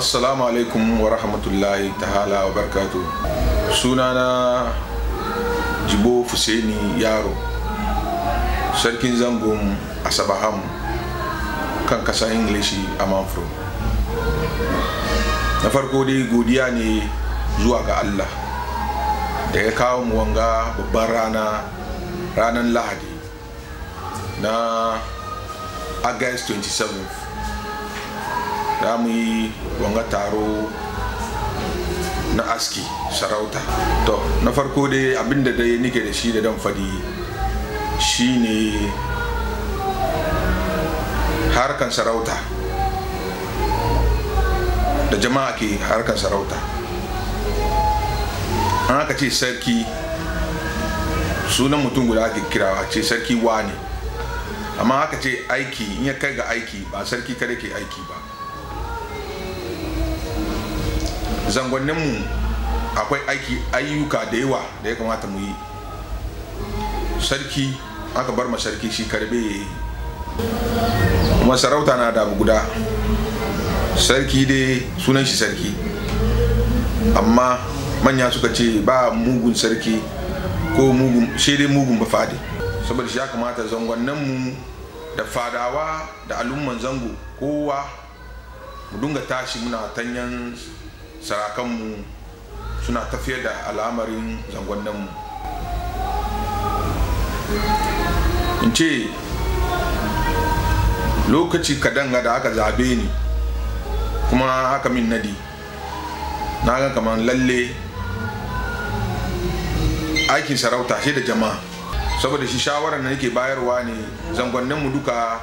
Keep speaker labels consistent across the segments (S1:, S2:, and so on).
S1: assalamu alaikum wa rahmatullahi ta'ala wa barkatu sunana jibo fuseni yaro sarkin zangon asabaham kan kasa ingilishi a manfro na farko dai godiya ne zuwa ga allah da ya kawo mu wanga babban rana ranar lahadi na august 27 za mu yi wanga taro na aski sarauta to na farko dai abinda dai nike da shi da dan fadi ne harkan sarauta da jama'a ke harkan sarauta an aka ce sarki sunan mutum guda ake kirawa ce sarki wane amma aka ce aiki in ya kai ga aiki ba sarki kada ke aiki ba zangonninmu akwai aiki ayyuka da yawa da ya kamata mu yi sarki aka bar ma sarki shi karbe masarauta na da guda sarki dai sunan shi sarki amma manya suka ce ba mugun sarki ko mugun shi dai mugun ba fadi saboda shi ya kamata zangonninmu da fadawa da al'umman zango kowa mu dunga tashi muna tanyan sarakanmu suna tafiyar da al'amarin zangonninmu in ce lokaci kadan da aka zabe ni kuma aka min nadi na ga kamar lalle aikin sarauta shi da jama'a saboda shi shawarar da nake bayarwa ne zangonninmu duka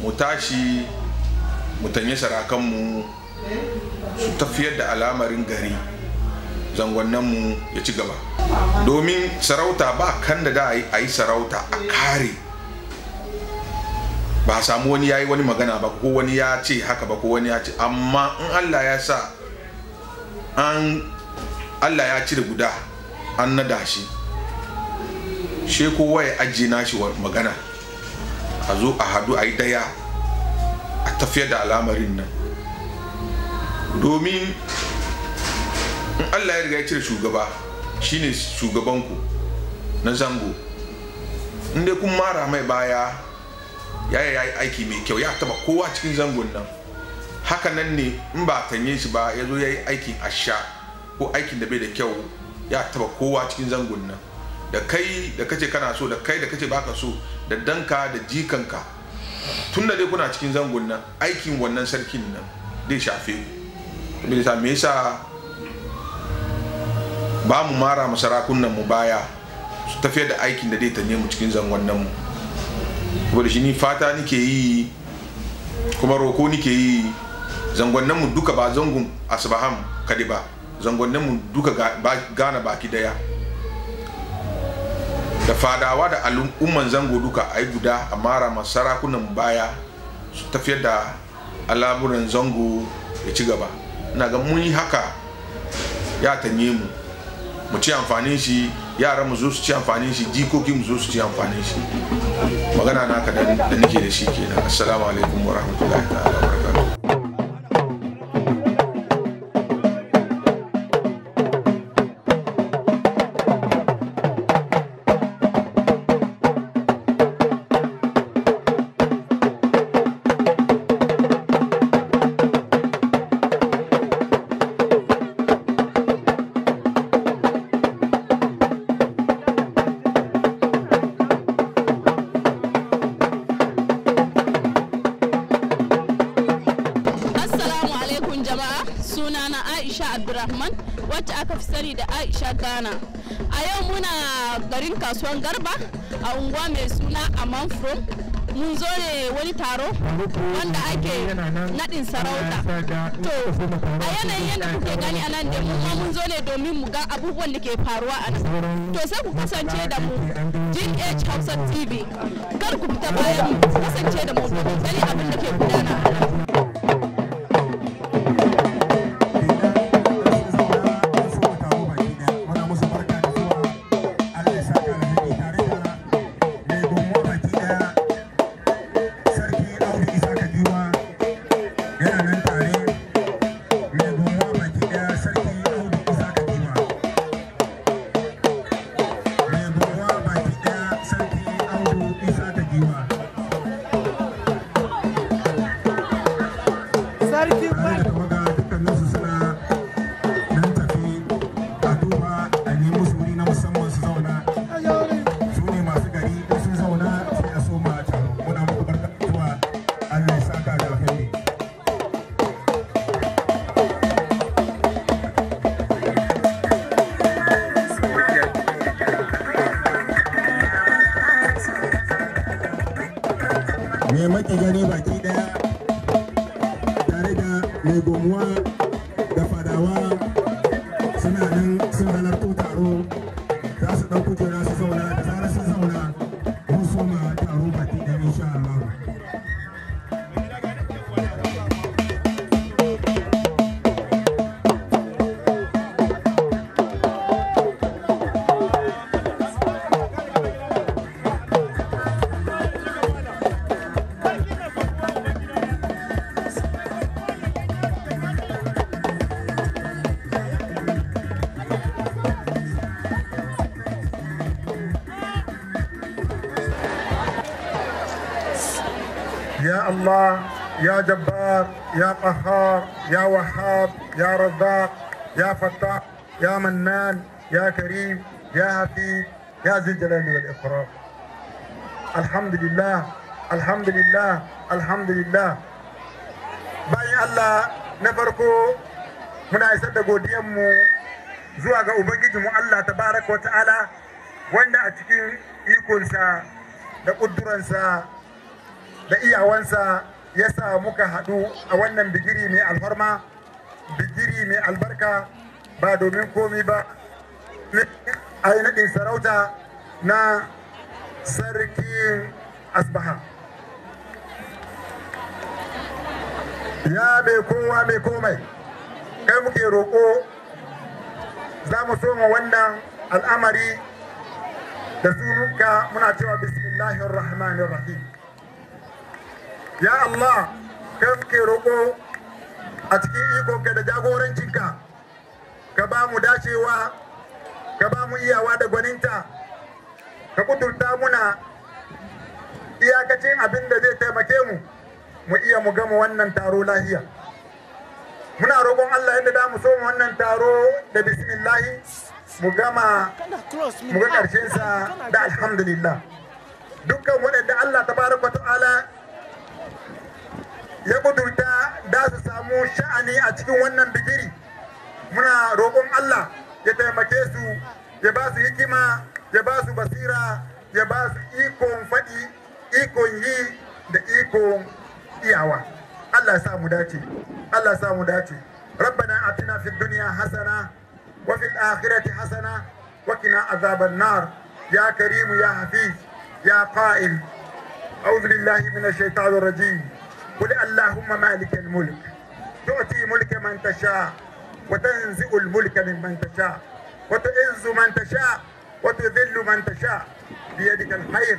S1: mu tashi mu tanye sarakanmu su tafiyar da alamarin gari mu ya ci gaba domin sarauta ba kan da da a yi sarauta a kare ba a samu wani ya yi wani magana ba ko wani ya ce haka ba ko wani ya ce amma in allah ya sa an allah ya cire guda an nada shi she kowa ya ajiye nashi magana a zo a hadu a yi daya a tafiya da alamarin nan domin in allah ya riga ya cire shugaba shine shugabanku na zango inda kun mara mai baya ya yi aiki mai kyau ya taba kowa cikin zangon nan haka nan ne in ba tanye shi ba ya zo ya yi aikin asha ko aikin da bai da kyau ya taba kowa cikin zangon nan da kai da kace kana so da kai da kace baka so da danka da jikanka tun da dai kuna cikin zangon nan aikin wannan sarkin nan zai shafe ku bilisa me yasa ba mu mara masarakunan mu baya su tafiya da aikin da dai ta mu cikin zangon nan mu saboda shi ni fata nike yi kuma roko nike yi nan mu duka ba zangon asbaham kadi ba nan mu duka gana baki daya da fadawa da al'umman zango duka ai guda a mara masarakunan baya su tafiyar da al'amuran zango ya ci gaba na ga mun yi haka ya tanye mu mu ci amfanin shi yara mu zo su ci amfanin shi jikoki mu zo su ci amfanin shi magana na ka da nake da shi kenan assalamu alaikum wa rahmatullahi wa barakatuh
S2: kasuwan garba a unguwa mai suna a manfro mun zo ne wani taro
S3: wanda ake nadin sarauta to
S2: a yanayin yadda kuke gani a nan da mu ma mun zo ne domin mu ga abubuwan da ke faruwa a nan to sai ku kasance da mu GH Hausa TV kar ku fita bayan
S3: mu kasance da mu domin gani abin da ke guda
S4: الله يا جبار يا قهار يا وهاب يا رزاق يا فتاح يا منان يا كريم يا حفيظ يا ذي الجلال والإكرام الحمد لله الحمد لله الحمد لله باي الله نفركو من عيسد قديم زواج أبجد الله تبارك وتعالى وانا أتكلم يكون سا لقدرن سا da iyawansa ya sa muka haɗu a wannan bigiri mai alfarma bigiri mai albarka ba domin komi ba a yi naɗin sarauta na sarkin asbaha ya mai kowa mai komai kai muke roƙo za mu soma wannan al'amari da muka muna cewa bismillahir rahmanir ya Allah kai muke roƙo a cikin ikonka da jagorancinka ka ba mu dacewa ka ba mu iyawa da gwaninta ka kudurta muna iyakacin abin da zai taimake mu mu iya mu gama wannan taro lahiya muna roƙon Allah yadda da mu so mu wannan taro da bismillahi mu gama
S3: mu ga ƙarshensa da
S4: alhamdulillah dukkan wadanda Allah tabaraka ta'ala ya kudurta da su samu sha'ani a cikin wannan bigiri muna roƙon Allah ya taimake su ya ba su hikima ya ba su basira ya ba su ikon faɗi ikon yi da ikon iyawa Allah ya samu dace Allah ya samu dace ربنا اتنا في الدنيا حسنه وفي الاخره حسنه وقنا عذاب النار يا كريم يا حفيظ يا قائل بالله من الشيطان الرجيم قل اللهم مالك الملك تؤتي ملك من تشاء وتنزع الملك ممن تشاء وتعز من تشاء وتذل من تشاء بيدك الخير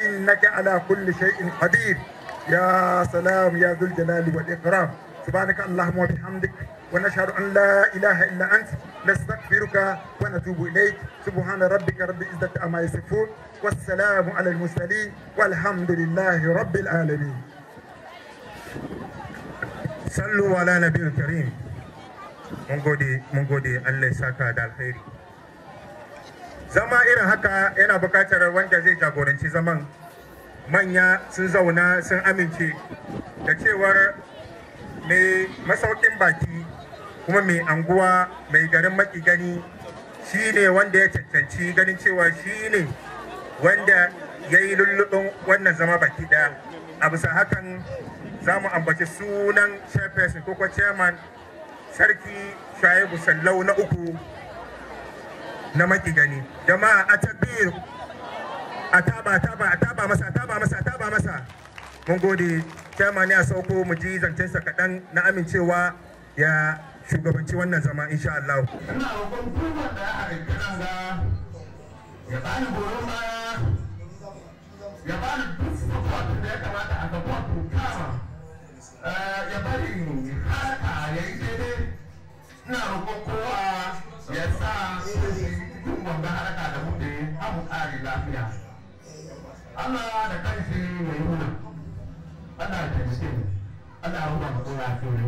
S4: انك على كل شيء قدير يا سلام يا ذو الجلال والاكرام سبحانك اللهم وبحمدك ونشهد ان لا اله الا انت نستغفرك ونتوب اليك سبحان ربك رب العزه عما يصفون والسلام على المرسلين والحمد لله رب العالمين sallu ala nabi karim mun gode mun gode Allah ya saka da alheri. zama irin haka yana buƙatar wanda zai jagoranci zaman manya sun zauna sun amince da cewar mai masaukin baki kuma mai anguwa mai garin maki gani shine wanda ya cancanci ganin cewa shine wanda ya yi wannan zama baki daya a bisa hakan za mu ambaci sunan chairperson ko chairman sarki shaibu sallau na uku na maki gani. jama'a a tabbir a taba taba a taba masa a taba masa a taba masa mun gode chairman ya sauko mu ji zancensa kaɗan na amincewa ya shugabanci wannan zama insha Allah. Ina
S5: roƙon da ya
S6: ya bani goyon ya bani duk support da ya kamata a support
S4: kama Eh, ya bari mu haka ya yi daidai
S7: ina roƙon kowa ya sa
S5: cikin wannan haraka
S8: da mu da abu ƙari lafiya Allah da kanshi mai nuna Allah ya taimake mu Allah ya rubuta mu lafiya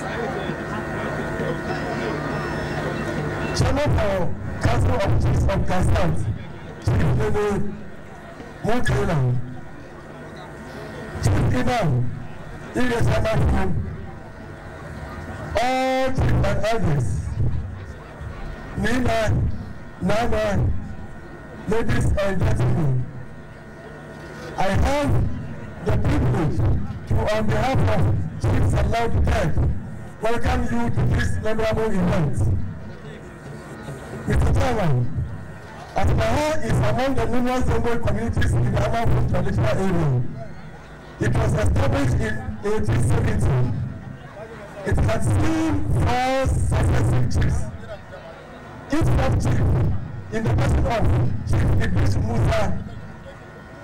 S3: Chairman
S6: for Council of Chiefs of Gaston, Chief Lele Mokela, Chief Imam, Ilyasama all chief and others, Nina, Nana, ladies and gentlemen, I have the privilege to, on behalf of Chief Salah Duterte, welcome you to this memorable event. Mr. Chairman, Ataha is among the numerous Zongo communities in the Amafun traditional area. It was established in 1870. It has seen four successive chiefs. Each of chief, in the person of Chief Idris Musa,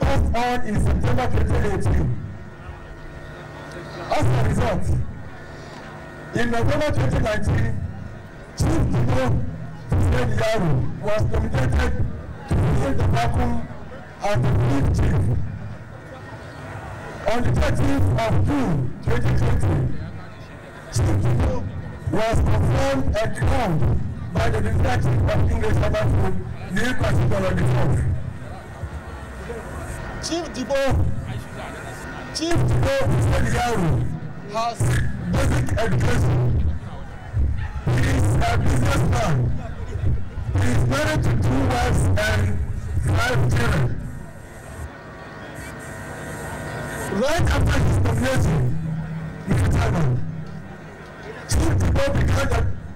S6: passed on in September 2018. As a result, In November 2019, Chief Dino Fred Yaro was nominated to fill the vacuum as the fifth chief. On the 30th of June 2020, Chief Dino was confirmed and crowned by the reduction of English Sabbath new constitutional reform. Chief Dino Chief Dino Fred Yaro has basic education. He is a businessman. He is married to two wives and five children. Right after his nomination, Mr. two people began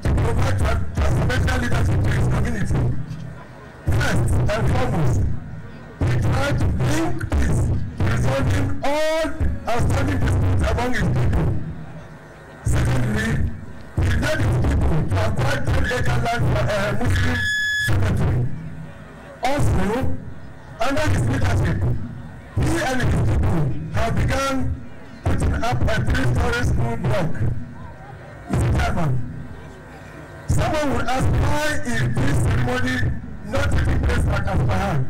S6: to provide transformational leadership to his community. First and foremost, he tried to bring peace, resolving all outstanding disputes among his people. Secondly, the dead of people to acquire the legal land for a Muslim cemetery. Also, under his leadership, he and his people have begun putting up a three-story school block. Mr. someone would ask why is this ceremony not taking place at Asfahan?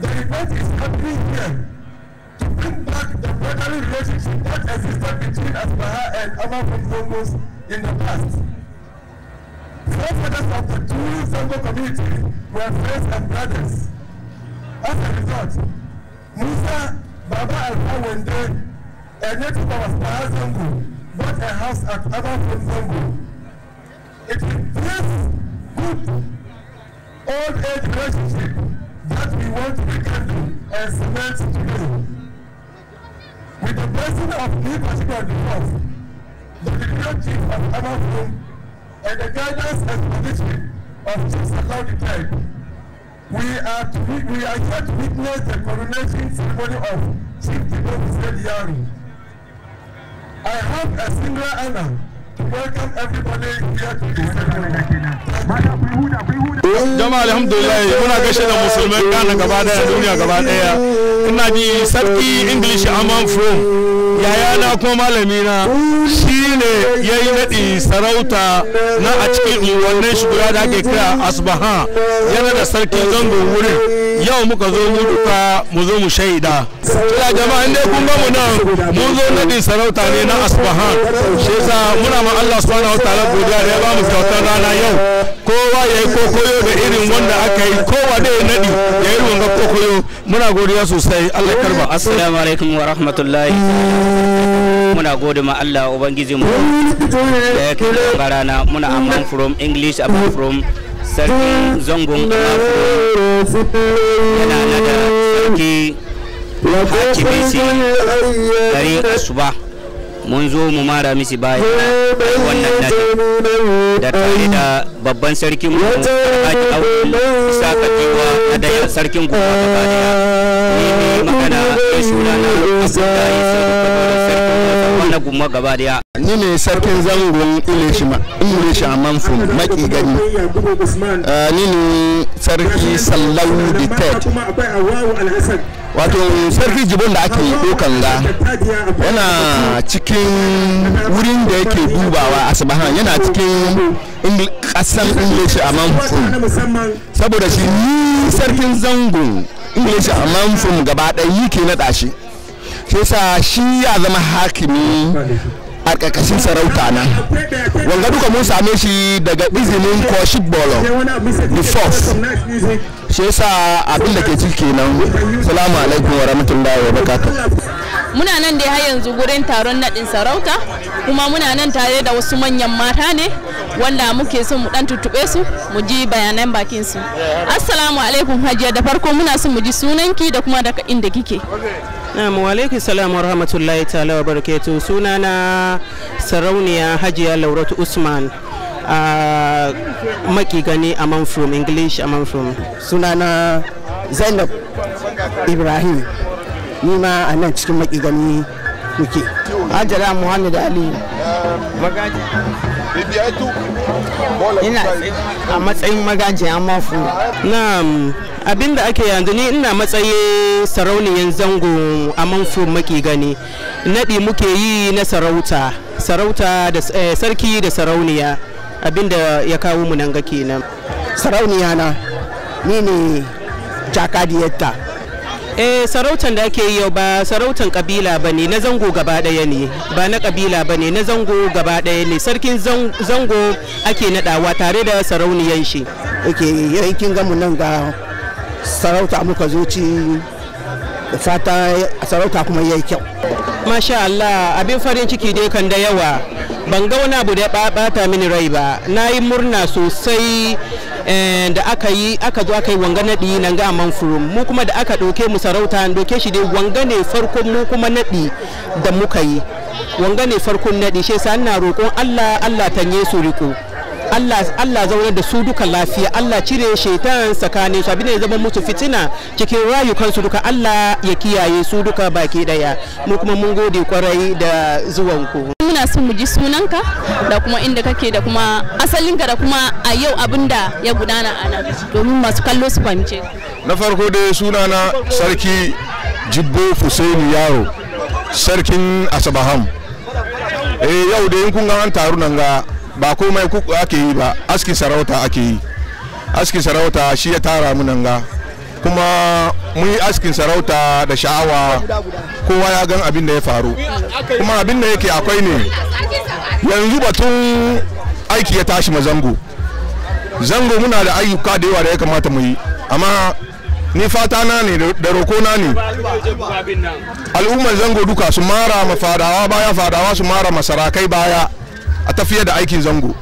S6: The event is happening here took back the brotherly relationship that existed between Asbaha and Ama Zongos in the past. Forefathers of the two Zongo communities were friends and brothers. As a result, Musa Baba Alpha Wende, a native of Asbaha Zongo, bought a house at Ama Zongo. It is this good old age relationship that we want to rekindle and cement today. With the blessing of new constituent reforms, the regional chief of Amafum, and the guidance and position of Chief Sakau III, we are, to, we are here to witness the coronation ceremony of Chief Dino Hussein Yari. I have a singular honor welcome jama'a alhamdulillah muna gaishe da musulmai gana gaba daya duniya gaba daya ina ji sarki english aman from yayana kuma malami na ya yayi naɗi sarauta na a cikin unguwannin shugura da ake kira asbaha yana da sarki zango wurin yau muka zo mu duka mu zo mu shaida ya jama'a inda kun ga mu nan mun zo din sarauta ne na asbahan shi yasa muna ma Allah subhanahu ta'ala godiya da ya ba mu kyautar rana yau kowa yayi kokoyo da irin wanda aka yi kowa da ya
S8: nadi yayi yi wanga kokoyo muna godiya sosai Allah karba assalamu alaikum wa rahmatullahi muna gode ma Allah mu da ya kira rana muna amman from english abba from sarkin zangon afro yana nada sarki hakimisi garin asuba mun zo mu mara misi baya wannan nadi da tare da babban sarkin mu alhaji awon isa katiwa na daya sarkin goma gaba daya ne magana ya shura na abdullahi sarkin na gumma gaba daya ni ne sarkin zangon ilishima manfu maki gani
S4: eh, ni ne sarki sallau the third wato sarki jibon da ake dokan ga
S9: yana cikin wurin da yake dubawa asibahan yana cikin kasan english a manfu
S5: saboda shi ni sarkin zangon english a manfu gaba ɗaya yi ke na shi sai shi ya zama hakimi a ƙarƙashin sarauta na wanga duka mun same shi daga izinin koshik bolo the force shi yasa abin da ke ciki kenan salamu alaikum wa
S3: rahmatullahi wa barakatuh
S2: muna nan dai har yanzu gurin taron naɗin sarauta kuma muna nan tare da wasu manyan mata ne wanda muke son mu dan tutube su mu ji bayanan bakin su assalamu alaikum hajiya da farko muna son mu ji sunanki da kuma daga inda kike
S8: Na'am alaikum salam wa rahmatullahi ta'ala wa barakatuh sunana sarauniya Hajiya Lauratu Usman a maki gani among from English among from sunana Zainab Ibrahim ni ma a nan cikin maki gani muke Hajara Muhammad Ali magaji ina a matsayin magaji amma fu na'am abin da ake yanzu ni ina matsayi sarauniyan zango a manfo maki gani naɗi muke yi na sarauta sarauta da eh, sarki da sarauniya abin da ya kawo mu nan ga kenan sarauniya na ni ne jakadiyarta eh sarautan da ake yi yau ba sarautan kabila ba ne na zango gaba ɗaya ne ba na kabila ba ne na zango gaba ɗaya ne sarkin zango ake naɗawa tare da sarauniyan shi kin yankin gamu nan ga sarauta muka zo ci da fata sarauta kuma yayi kyau masha Allah abin farin ciki dai kan da yawa ban ga wani abu da ya bata mini rai ba na yi murna sosai eh, da aka yi aka zo aka yi wanga naɗi nan ga furum mu kuma da aka ɗauke mu sarauta an ɗauke shi dai wanga ne farkon mu kuma naɗi da muka yi wanga ne farkon naɗi shi yasa ina roƙon Allah Allah tanye su riko Allah Allah zaunar da su duka lafiya Allah cire shaitan tsakanin su abin ya zama musu fitina cikin rayukan su duka Allah ya
S2: kiyaye su duka baki daya mu kuma mun gode kwarai da zuwanku muna so mu ji sunanka da kuma inda kake da kuma asalinka da kuma a yau abinda ya gudana a nan domin masu kallo su fahimce
S1: na farko dai sunana sarki jibbo fuseni yaro sarkin asabaham eh yau da yin kun ga an taru nan ga ba komai kuku ake yi ba aski sarauta ake yi aski sarauta shi ya tara mu nan ga kuma mun yi askin sarauta da sha'awa kowa ya gan abin da ya faru
S3: kuma abin da yake akwai ne
S1: yanzu batun aiki ya tashi ma zango zango muna da ayyuka da yawa da ya kamata mu yi amma ni fata na ne da roko na ne al'ummar zango duka su mara ma fadawa baya fadawa su mara masarakai baya a tafiyar da aikin zango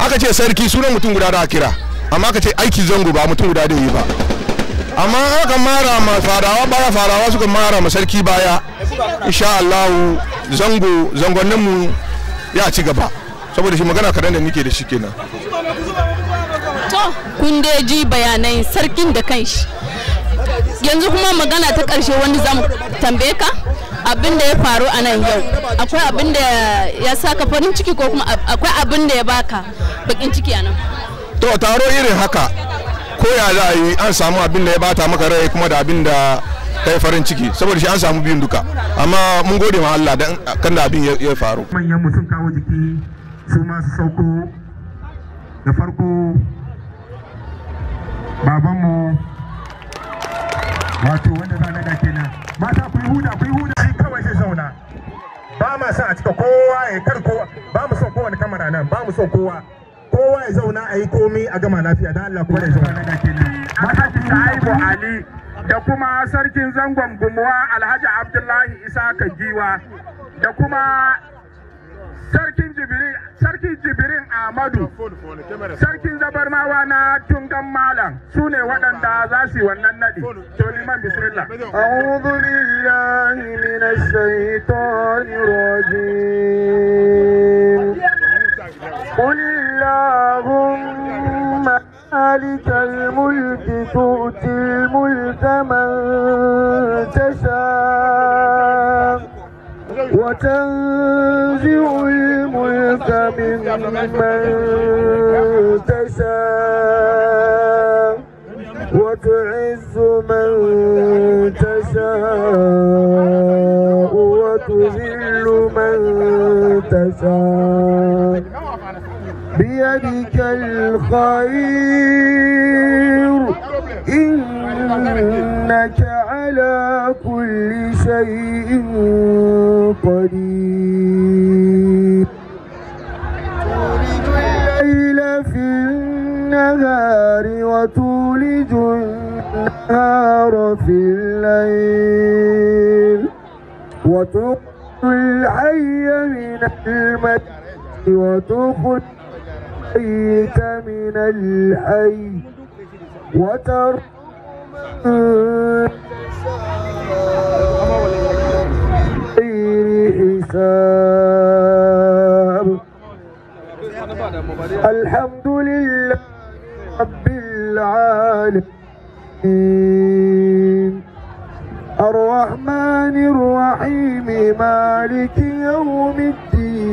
S1: aka ce sarki sunan mutum guda da kira amma aka ce aikin zango ba mutum guda da yi ba amma aka mara ma farawa baya farawa suka mara ma sarki baya
S3: insha Allah
S1: zango zangonnin mu ya ci gaba saboda shi magana kadan da nike da shi kenan
S2: to kun dai ji bayanai sarkin da kanshi yanzu kuma magana ta karshe wanda zamu tambaye ka abin da ya faru a nan yau akwai abin da ya saka farin ciki ko kuma akwai abin da ya baka bakin ciki a nan to taro
S1: irin haka ko ya za a yi an samu abin da ya bata maka rai kuma da abin da yi farin ciki saboda shi an samu biyun duka amma mun gode ma Allah dan kan da abin ya faru
S4: manyan mutum kawo jiki su masu sauko da farko babanmu wato wanda zane kenan mata ku yi huda ku yi huda ba ma son a cika kowa ya kar kowa ba mu son kowane kamara nan ba mu son kowa kowa ya zauna a yi komi a gama lafiya don Allah kowa ya zauna da kenan Alhaji Ali da kuma sarkin
S10: zangon gumuwa Alhaji Abdullahi Isa Kagiwa da kuma sarkin jibril sarki jibirin ahmadu sarkin zabarmawa na tungan malam su ne waɗanda za su yi wannan nadi to liman bismillah
S9: a'udhu billahi minash shaitanir rajim قل اللهم مالك الملك تؤتي الملك من تشاء وتنزع الملك من من تشاء وتعز من تشاء وتذل من تشاء بيدك الخير إنك على كل شيء قدير تولج الليل في النهار وتولج النهار في الليل وتخرج الحي من الميت وتخرج الميت من الحي وترحم من غير حساب الحمد لله رب العالمين الرحمن الرحيم مالك يوم الدين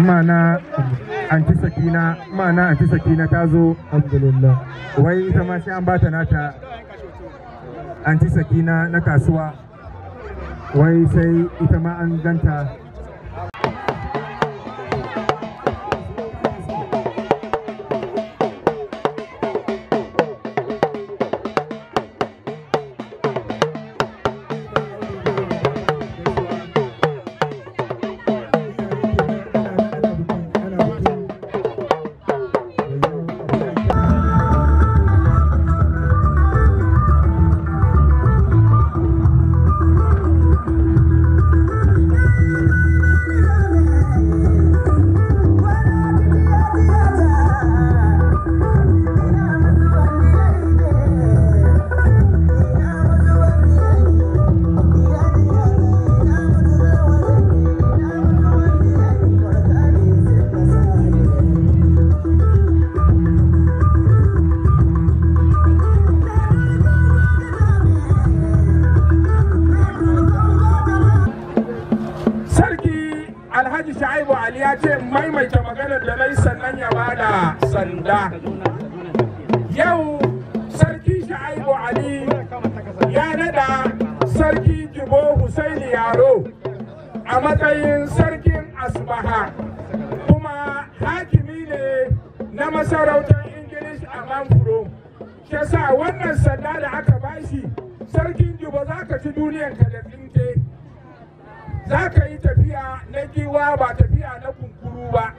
S9: mana
S4: anti sakina mana anti sakina ta zo alhamdulillah wai ita ma sai an bata nata anti sakina na kasuwa wai sai ita ma an ganta
S10: alhaji sha'ibu ali ya ce maimaita maganar da nai sannan ya bada sanda yau sarki sha'ibu ali ya nada sarki jibo husaini yaro a matsayin sarkin asbaha kuma hakimi ne na masarautar english a manfuro shi wannan sanda da aka bashi sarkin jibo za ka ci duniyanka da tsinte za ka yi tafiya na giwa ba tafiya na kunkuru ba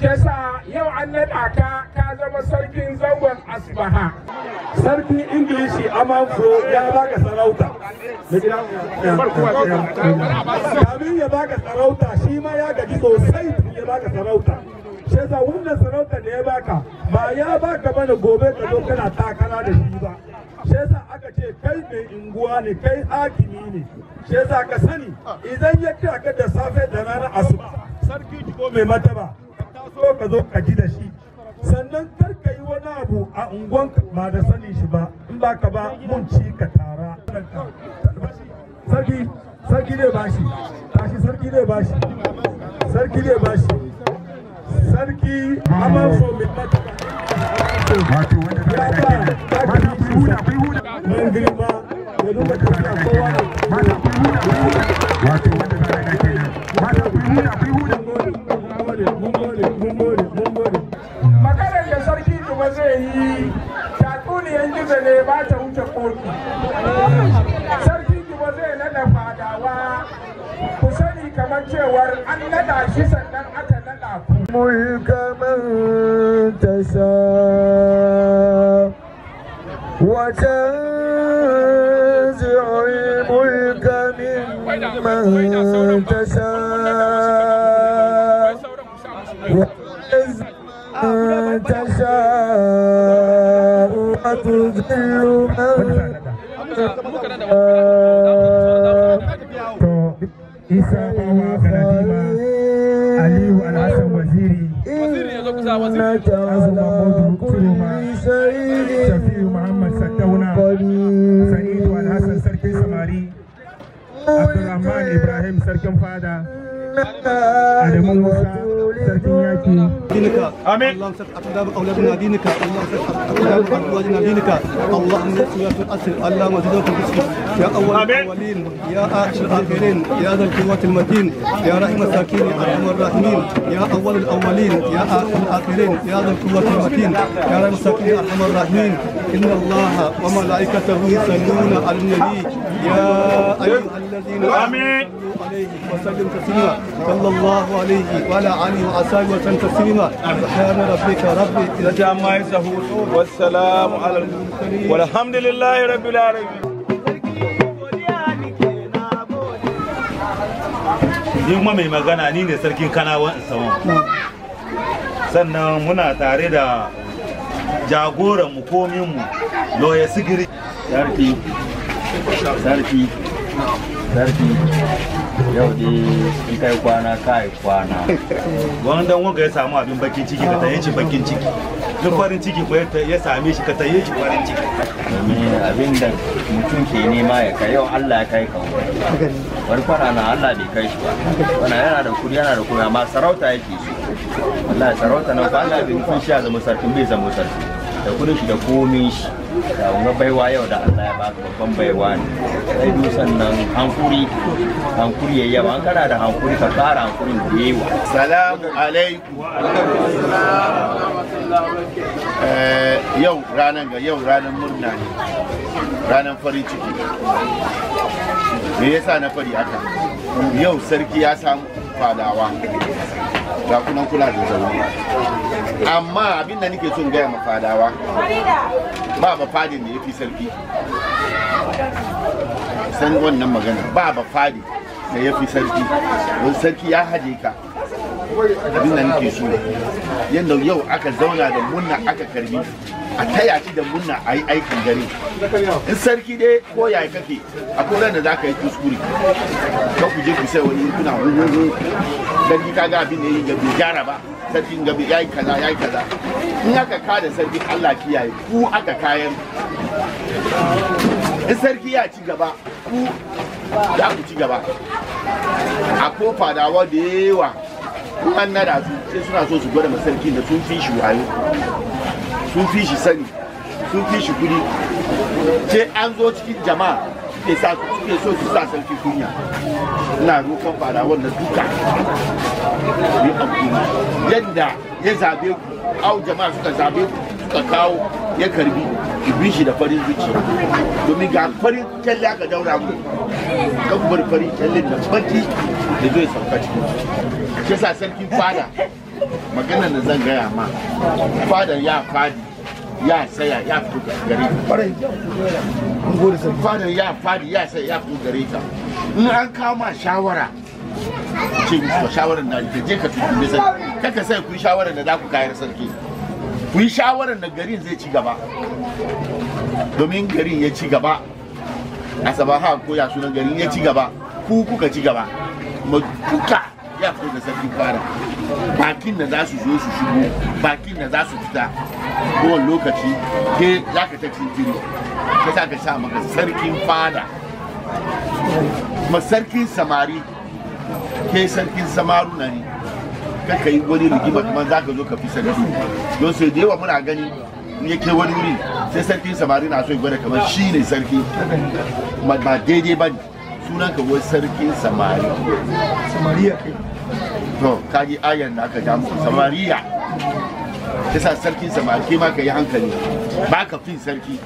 S10: kesa yau an naɗa ka ka zama sarkin zangon asibaha
S1: sarki ingilishi amanfo ya baka sarauta
S10: kamin ya baka sarauta shi ma ya gaji sosai ya baka sarauta
S4: shesa wannan sarauta da ya baka ba ya baka mana gobe ka zo kana takara da shi ba shi yasa aka ce kai mai unguwa ne kai hakimi ne shi yasa ka sani idan ya kira ka da safe da rana asuba sarki jigo mai mataba ka so ka zo ka ji da shi sannan kar ka yi wani abu a unguwan ba da sani shi ba in ba ka ba mun ci ka tara sarki sarki ne ba tashi sarki ne shi sarki ne shi sarki so mai mataba wato wanda ta duba
S10: maganar da sarki zai yi shakuniyan gizo ne ba wuce kotu sarki kuma zai nada fadawa ku sani kamar cewar an nada shi sannan aka
S9: nada ku وتنزع الملك ممن
S4: عدم
S8: يا اول الاولين يا اخر الاخرين يا ذا القوه المتين يا رحم الساكين ارحم الراحمين يا اول الاولين
S1: يا اخر الاخرين يا ذا القوه المتين يا رحم الساكين ارحم الراحمين ان الله وملائكته يصلون على النبي يا أيها الذين
S3: آمنوا عليه
S1: وسلم تسليما صلى الله عليه وعلى آله وأصحابه وسلم تسليما سبحان ربك رب العزة عما يصفون والسلام على المرسلين والحمد لله رب العالمين
S5: ni kuma mai magana ni ne sarkin kanawan sawan sannan muna tare da jagoran mu komin mu loya sigiri sarki sarki yau dai in kai kwana kai kwana wani dan wanga ya samu abin bakin ciki ka tayi shi bakin ciki duk farin ciki ko ya same shi ka tayi shi farin ciki Amin abin da mutum ke nema ya kai yau Allah ya kai kawo wani fara na Allah bai kai shi ba wannan yana da kuri yana da kuri amma sarauta yake so Allah sarauta na ba Allah bai mutum shi ya zama sarkin bai zama sarki da kudin shi da komin shi da wani baiwa yau da Allah ya baka babban baiwa ne sai du sannan hankuri hankuri yayi yawa an kana da hankuri ka kara hankurin da wa salamu alaikum eh, yau ranar ga yau ranar murna ne ranar farin ciki me yasa na fari haka yau sarki ya samu fadawa ga kunan kula da zaune amma abin da nake son gaya mafadawa ba mafadin da ya fi sarki san wannan magana ba mafadin da ya fi sarki don sarki ya haje ka
S9: abin da nake so
S5: yadda yau aka zauna da munna aka karbi a taya shi da munna a yi aikin gari in sarki dai ko ya kake akwai ran da za ka yi kuskure ka ku je ku sai wani kuna wuwuwu sarki ka ga abin da ya yi ga bai gyara ba sarki ga ya yi kaza ya yi kaza in aka da sarki Allah kiyaye ku aka kayan in sarki ya ci gaba ku za ku ci gaba a kofa da yawa an nada su sai suna so su gwada masarki da sun fi shi wayo sun fi shi sani sun fi shi kudi sai an zo cikin jama'a suke sa suke so su sa sarki kunya ina roƙon fara wannan duka
S3: yi amfani
S5: yadda ya zabe ku au jama'a suka zabe ku ka kawo ya karbi ki shi da farin zuci domin ga farin kyalli aka daura mu ka kuma farin kyalli da baki da zai sauka cikin shi sa sarkin fada magana da zan gaya ma fadar ya fadi ya saya ya fito gare ka fadar ya fadi ya saya ya fito gare ka in an kama shawara ce shawarar da je ka tuntube sarki kaka sai ku shawarar da za ku kayar sarki Kuyi shawarar da garin zai ci gaba domin garin ya ci gaba asaba ha ko ya sunan garin ya ci gaba ku kuka ci gaba Ma kuka ya fito da sarki fara bakin da za su zo su shigo bakin da za su fita kowane lokaci ke za ka tafi cinciri ka sa ka sa maka sarkin fada Ma sarkin samari ke sarkin na ne kaka yi wani rigima kuma za ka zo ka fi sarki don sai da yawa muna gani in ya ke wani wuri sai sarkin samari na so ya gwada kamar shi ne sarki ba daidai ba ne sunan ka wani sarkin samari samariya to yi ayan da aka damu samariya sa sarkin samari ke ma ka yi hankali ba ka fi sarki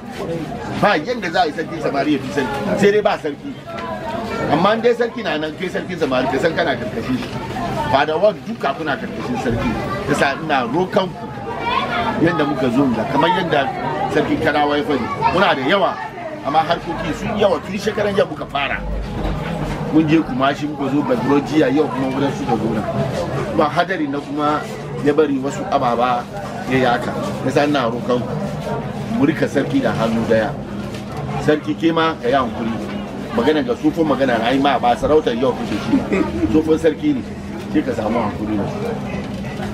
S5: ba yadda za a yi sarkin samari ya fi sarki sai dai ba sarki amma dai sarki na nan kai sarki zama da san kana karkashin shi wa duka kuna karkashin sarki sa ina rokan ku yadda muka zo da kamar yadda sarki karawa ya fadi muna da yawa amma harkoki sun yawa tun shekaran yau muka fara mun je kuma shi muka zo badro yau kuma wurin su da zo nan hadari na kuma ya bari wasu ababa ya yaka sa ina rokan ku mu rika sarki da hannu daya sarki kema ka yi hankuri magana ga sufin magana na ma ba sarautar yau kuke shi sufin sarki ne sai ka samu hankuri da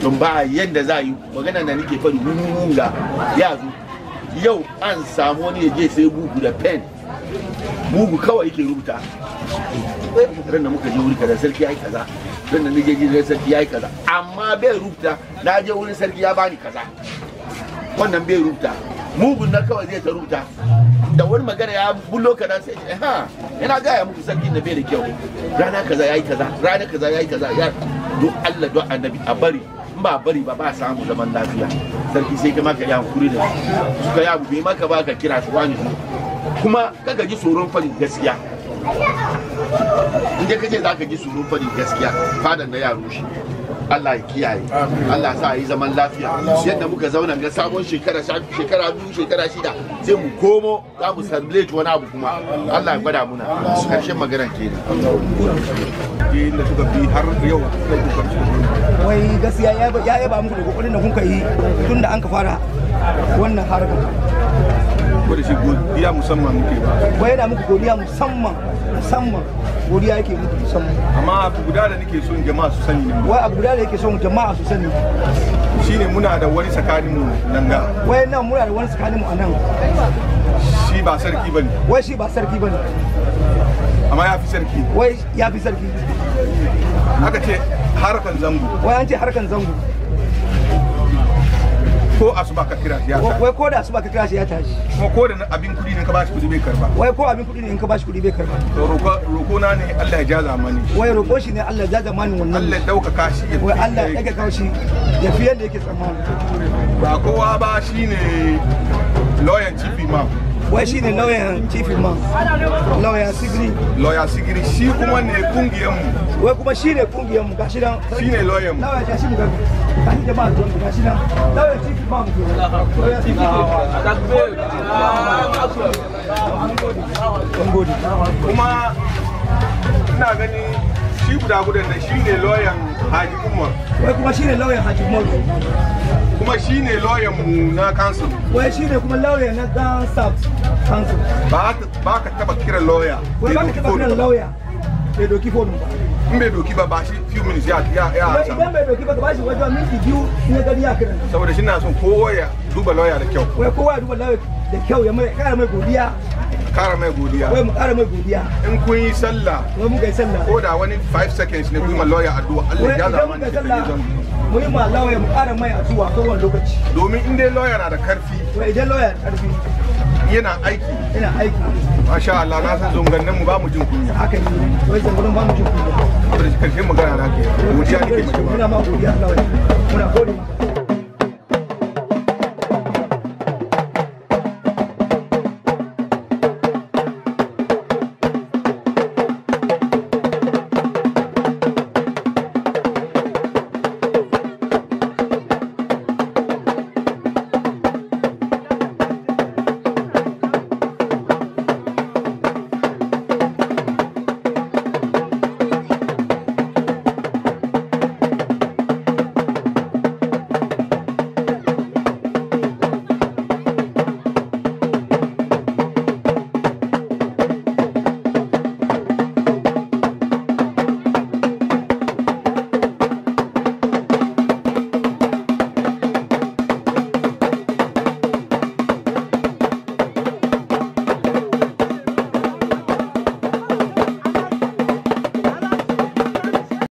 S5: don ba yadda za yi magana da nake fari hunga ya zo yau an samu wani ya je sai bugu da pen bugu kawai yake rubuta ran da muka je wuri kaza sarki ya yi kaza ran da nake je sarki ya yi kaza amma bai rubuta na je wurin sarki ya bani kaza wannan bai rubuta mugun na kawai zai ta rubuta da wani magana ya bullo dan sai ce ha ina gaya muku sarkin da bai da kyau rana kaza yayi kaza rana kaza yayi kaza ya don Allah don annabi a bari in ba bari ba ba samu zaman lafiya sarki sai kai maka ya hankuri da ka ya bai maka ba ka kira su wani kuma kaga ji tsoron farin gaskiya in ka ce za ka ji tsoron farin gaskiya fadan da ya rushe Allah ya kiyaye Allah sa yi zaman lafiya yadda muka zauna ga sabon shekara shekara biyu shekara shida sai mu komo za mu celebrate wani abu kuma Allah ya gwada muna karshen maganar kenan
S1: da suka bi har yau
S7: wai gaskiya ya yaba muku da kokarin da kuka yi tun da an ka fara wannan harkar
S1: ko da shi godiya musamman muke ba
S7: wai yana muku godiya musamman musamman
S1: godiya yake mutu musamman amma abu guda da nake son jama'a su sani ne wai abu guda da yake son jama'a su sani shine muna da wani tsakanin mu nan ga wai nan muna da wani tsakanin mu a nan shi ba sarki bane wai shi ba sarki bane amma ya fi sarki wai ya fi sarki aka ce harkan zango wai an ce harkan zango ko asuba ka kira shi ya tashi wai ko da asuba ka kira shi ya tashi kuma ko da abin kudi ne ka bashi kudi bai karba wai ko abin kudi ne in ka bashi kudi bai karba to roko roko na ne Allah ya jaza mani wai roko shi ne Allah ya jaza mani wannan Allah ya dauka kashi wai Allah ya dauka kashi
S7: ya fi yadda yake tsammani
S1: ba kowa ba shine lawyer chief imam wai shi ne lauyan kifin man lauya sigiri lauya sigiri kuma ne
S7: kungiyar mu wai shi ne kungiyar mu gashi shi ne lauyan mu lauya gashi mu gashi
S9: gashi da ba don man kuma
S1: ina gani. shi guda gudan da shi ne loyan haji umar wai kuma shi ne loyan haji umar kuma shi ne loyan mu na kansu wai shi ne kuma loyan na gansat kansu ba ka taba kiran loya wai ba ka taba kiran loya bai doki fonu ba in bai doki ba ba shi few minutes ya ya ya wai
S4: idan bai doki ba ka bashi wajen minti
S1: biyu ne gari ya kiran saboda shi na son kowa ya duba loya da kyau wai kowa ya duba loya da kyau ya mai kara mai godiya kara mai godiya wai mu kara mai godiya in kun yi sallah wai muka yi sallah ko da wani 5 seconds ne ku yi ma lawyer addu'a Allah ya zama sallah mu yi ma lawyer mu kara mai addu'a ko wani lokaci domin in dai lawyer na da karfi wai idan lawyer karfi yana aiki yana aiki masha Allah na san zongannin mu ba mu jin kunya haka ne wai zongannin ba mu jin kunya karshen magana na ke godiya nake maka muna ma godiya Allah muna godiya